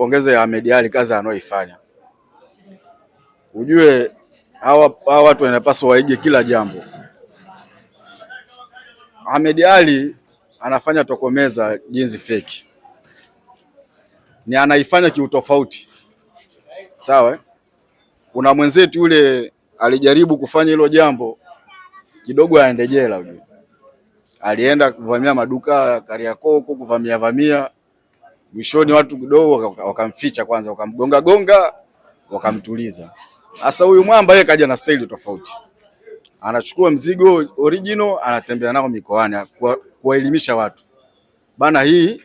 mpongeze Ahmed Ally kazi anayoifanya. Ujue hawa watu wanapaswa waige kila jambo. Ahmed Ally anafanya tokomeza jinsi feki, ni anaifanya kiutofauti, sawa. Kuna mwenzetu yule alijaribu kufanya hilo jambo kidogo, aende jela. Ujue alienda kuvamia maduka Kariakoo huko, kuvamia vamia Mwishoni watu kidogo wakamficha kwanza, wakamgonga gonga, wakamtuliza. Sasa huyu mwamba yeye kaja na staili tofauti, anachukua mzigo original, anatembea nao mikoani kuwaelimisha watu bana, hii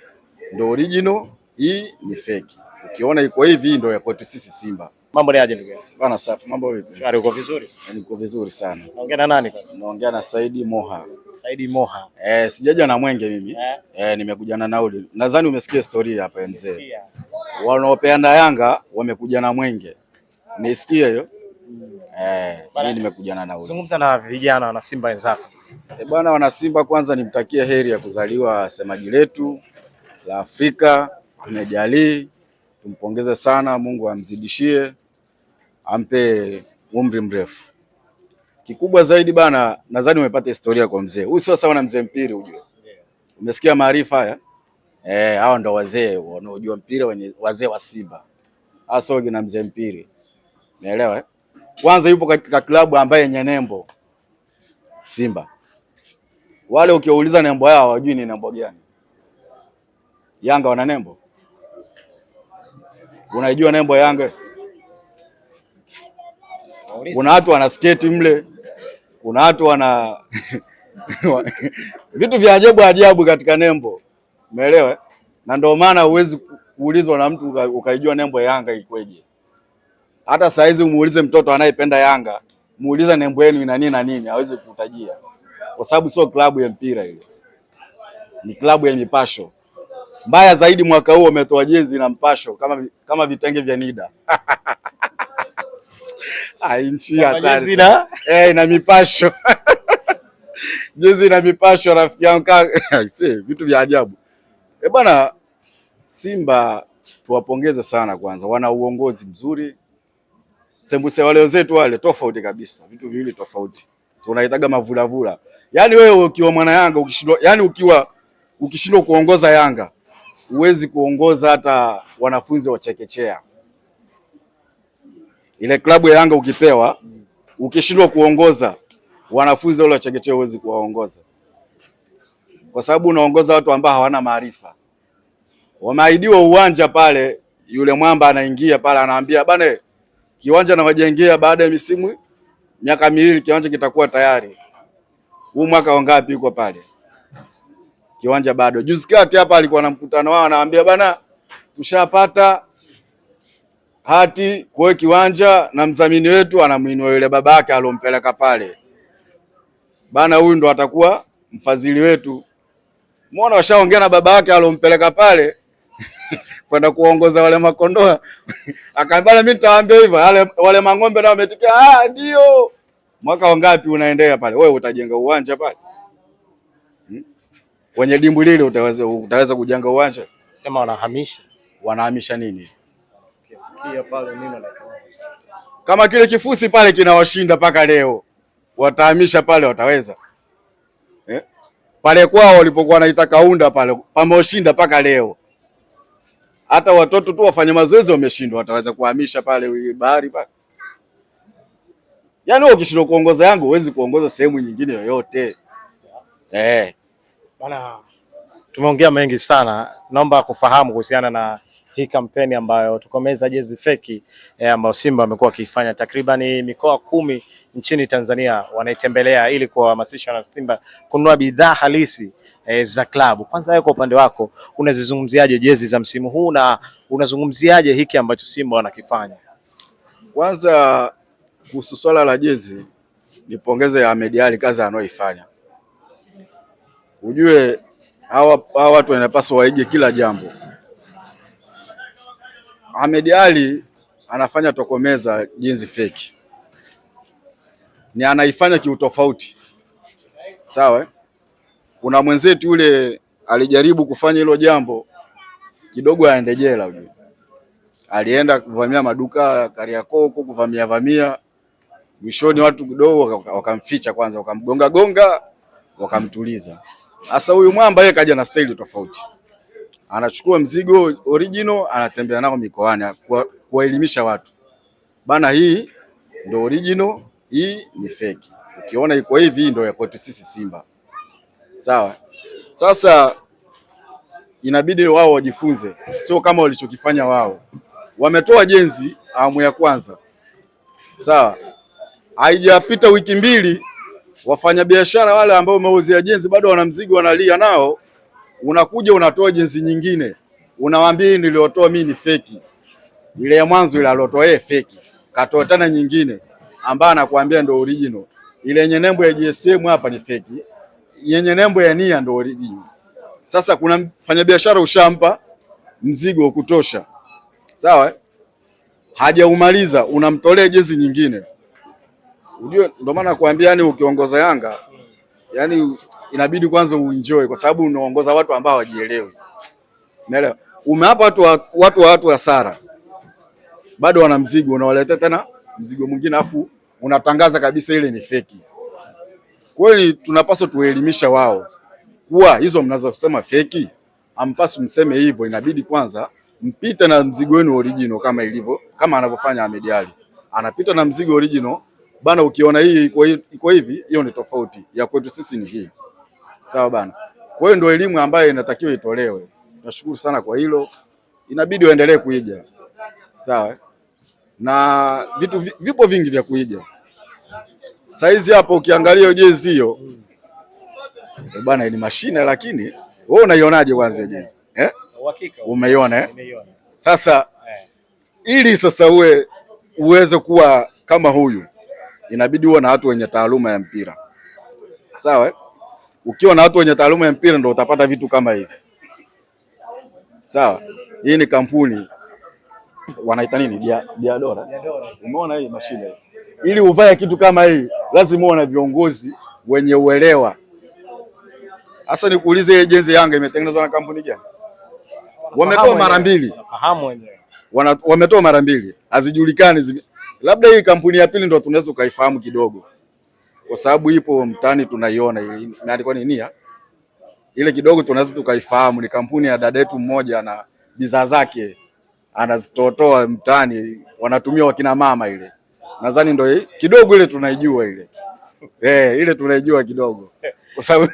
ndo original, hii ni feki. Ukiona iko hivi, ndo ya kwetu sisi Simba. Mambo ni aje ndugu Bana safi, mambo vipi? Shari uko vizuri? Niko yaani, vizuri sana. Naongea na nani Naongea na Saidi Moha. Saidi Moha. Eh, sijaja na mwenge mimi eh, eh nimekuja na nauli. Nadhani umesikia story hapa mzee, wanaopeana Yanga wamekuja na mwenge, nisikie hiyo mm. eh, mimi nimekuja na nauli. Zungumza na vijana wana Simba wenzako. Eh, bwana wana Simba, kwanza nimtakie heri ya kuzaliwa semaji letu la Afrika Mejalii, tumpongeze sana, Mungu amzidishie ampe umri mrefu Kikubwa zaidi bana, nadhani umepata historia kwa mzee huyu, sio sawa na mzee mpiri, ujue umesikia maarifa haya eh, hao ndo wazee wanaojua mpira wenye wazee wa Simba Asogi na mzee mpiri, naelewa eh? Kwanza yupo katika klabu ambaye yenye nembo Simba, wale ukiwauliza nembo yao hawajui ni nembo gani. Yanga wana nembo? Unaijua nembo ya Yanga? Kuna watu wana sketi mle kuna watu wana vitu vya ajabu ajabu katika nembo, umeelewa? Na ndio maana huwezi kuulizwa na mtu ukaijua nembo ya Yanga ikweje. Hata saa hizi umuulize mtoto anayependa Yanga, muuliza nembo yenu ina nini na nini, hawezi kutajia, kwa sababu sio klabu ya mpira hiyo, ni klabu ya mipasho. Mbaya zaidi mwaka huu umetoa jezi na mpasho kama, kama vitenge vya Nida Ah, nchi hatari eh, na mipasho jezi ina mipasho, rafiki yangu vitu vya ajabu eh bwana. Simba tuwapongeze sana kwanza, wana uongozi mzuri sembuse wale wenzetu wale, tofauti kabisa, vitu viwili tofauti. Tunahitaga mavulavula, yani wewe ukiwa mwana Yanga ukishindwa, yani ukiwa ukishindwa kuongoza Yanga huwezi kuongoza hata wanafunzi wa chekechea ile klabu ya Yanga ukipewa, ukishindwa kuongoza wanafunzi wale wa chekechea, huwezi kuwaongoza kwa sababu unaongoza watu ambao hawana maarifa. Wameahidiwa uwanja pale, yule mwamba anaingia pale, anaambia bane, kiwanja nawajengea baada ya misimu miaka miwili kiwanja kitakuwa tayari. Huu mwaka wangapi uko pale kiwanja bado. Juzi kati hapa alikuwa na mkutano wao, anawaambia bana, tushapata hati kwa kiwanja na mdhamini wetu anamuinua yule baba yake alompeleka pale bana, huyu ndo atakuwa mfadhili wetu. Muona washaongea na baba yake alompeleka pale kwenda kuongoza wale makondoa akaambia, mimi nitawaambia hivyo. Wale, wale mang'ombe nao wametikia, ah, ndio. Mwaka wangapi unaendelea pale? Wewe utajenga uwanja pale hmm? Wenye dimbu lile utaweza, utaweza kujenga uwanja? Sema wanahamisha, wanahamisha nini? Kia pale mimi na kama kile kifusi pale kinawashinda mpaka leo, watahamisha pale wataweza eh? Pale kwao walipokuwa naita kaunda pale pameshinda mpaka leo. Hata watoto tu wafanye mazoezi wameshindwa, wataweza kuhamisha pale bahari pale? Yaani wewe ukishindwa kuongoza yangu huwezi kuongoza sehemu nyingine yoyote eh. Bana, tumeongea mengi sana, naomba kufahamu kuhusiana na hii kampeni ambayo tukomeza jezi feki eh, ambayo Simba amekuwa wakiifanya takribani mikoa kumi nchini Tanzania wanaitembelea ili kuwahamasisha na Simba kununua bidhaa halisi eh, za klabu. Kwanza wewe kwa upande wako unazizungumziaje jezi za msimu huu na unazungumziaje hiki ambacho Simba wanakifanya? Kwanza kuhusu swala la jezi, nipongeze ya Ahmed Ally kazi anayoifanya. Ujue hawa watu wanapaswa waige kila jambo Ahmed ali anafanya tokomeza jinsi feki, ni anaifanya kiutofauti. Sawa, eh? kuna mwenzetu yule alijaribu kufanya hilo jambo kidogo, aende jela. Ujue alienda kuvamia maduka ya Kariakoo huko kuvamia vamia, mwishoni watu kidogo wakamficha kwanza, wakamgonga gonga, wakamtuliza. Sasa huyu mwamba yeye kaja na staili tofauti anachukua mzigo original anatembea nao mikoani kuwaelimisha watu bana, hii ndo original, hii ni feki. Ukiona iko hivi, ndo ya kwetu sisi Simba. Sawa, sasa inabidi wao wajifunze, sio kama walichokifanya wao. Wametoa jenzi awamu ya kwanza, sawa, haijapita wiki mbili, wafanyabiashara wale ambao wameuzia jenzi bado wana mzigo, wanalia nao unakuja unatoa jinsi nyingine, unawaambia niliotoa mimi ni feki, ile ya mwanzo ile aliotoa yeye feki, katoa tena nyingine ambayo anakuambia ndio original. Ile yenye nembo ya GSM hapa ni feki, yenye nembo ya nia ndio original. Sasa kuna mfanyabiashara ushampa mzigo wa kutosha, sawa, eh? hajaumaliza unamtolea jezi nyingine. Unajua, ndio maana nakwambia, yani ukiongoza Yanga yani inabidi kwanza uenjoy, kwa sababu unaongoza watu ambao hawajielewi. Umeelewa? Umewapa watu wa watu wa watu hasara, bado wana mzigo, unawaletea tena mzigo mwingine, afu unatangaza kabisa ile ni feki. Kweli tunapaswa tuelimisha wao kuwa hizo mnazosema feki, ampasu mseme hivyo, inabidi kwanza mpite na mzigo wenu original, kama ilivyo kama anavyofanya Ahmed Ally, anapita na mzigo original bana. Ukiona hii iko hivi, hiyo ni tofauti ya kwetu sisi, ni hii. Sawa bana. Kwa hiyo ndio elimu ambayo inatakiwa itolewe. Nashukuru sana kwa hilo, inabidi waendelee kuija. Sawa, na vitu vipo vingi vya kuija. Saizi hapo ukiangalia jezi hiyo e bana, ni mashine, lakini wewe unaionaje kwanza hiyo jezi eh? Umeiona eh? Sasa eh. ili sasa uwe uweze kuwa kama huyu, inabidi uwe na watu wenye taaluma ya mpira sawa. Eh? Ukiwa na watu wenye taaluma ya mpira ndo utapata vitu kama hivi. Sawa, hii ni kampuni wanaita nini? Diadora. Umeona hii mashine hii, ili uvae kitu kama hii lazima uwe na viongozi wenye uelewa. Hasa nikuulize, ile jezi Yanga imetengenezwa na kampuni gani? Wametoa mara mbili, wametoa mara mbili, hazijulikani. Labda hii kampuni ya pili ndo tunaweza ukaifahamu kidogo kwa sababu ipo mtaani tunaiona hii, na ni nia ile kidogo tunaweza tukaifahamu. Ni kampuni ya dada yetu mmoja na bidhaa zake anazitotoa mtaani, wanatumia wakina mama. Ile nadhani ndio kidogo ile tunaijua ile eh, ile tunaijua kidogo kwa sababu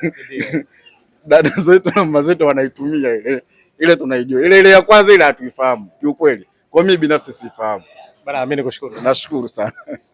dada zetu na mama zetu wanaitumia ile ile tunaijua ile ile ya kwanza ile hatuifahamu kiukweli. Kwa mimi binafsi sifahamu bana. Mimi nikushukuru, nashukuru sana.